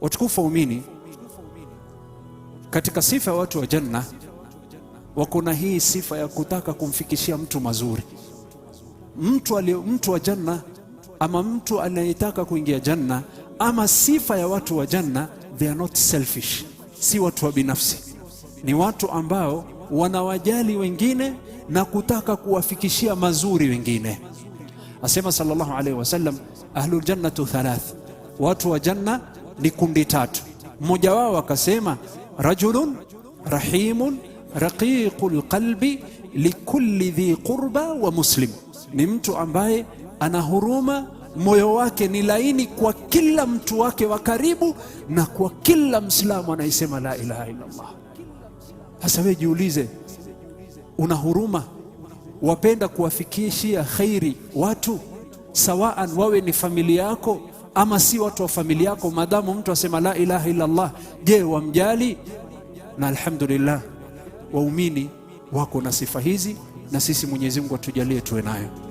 Watukufu waumini, katika sifa ya watu wa janna wako na hii sifa ya kutaka kumfikishia mtu mazuri. Mtu, mtu wa janna ama mtu anayetaka kuingia janna ama sifa ya watu wa janna, they are not selfish, si watu wa binafsi, ni watu ambao wanawajali wengine na kutaka kuwafikishia mazuri wengine. Asema sallallahu alaihi wasallam, ahlul jannatu thalath, watu wa janna ni kundi tatu. Mmoja wao akasema rajulun rahimun raqiqul qalbi likulli dhi qurba wa muslim, ni mtu ambaye ana huruma, moyo wake ni laini kwa kila mtu wake wa karibu na kwa kila Mslamu anayesema la ilaha illa Allah. Sasa wewe jiulize, una huruma, wapenda kuwafikishia khairi watu, sawaan wawe ni familia yako ama si watu wa familia yako. madamu mtu asema la ilaha illa Allah, je, wamjali? Na alhamdulillah waumini wako na sifa hizi, na sisi Mwenyezi Mungu atujalie tuwe nayo.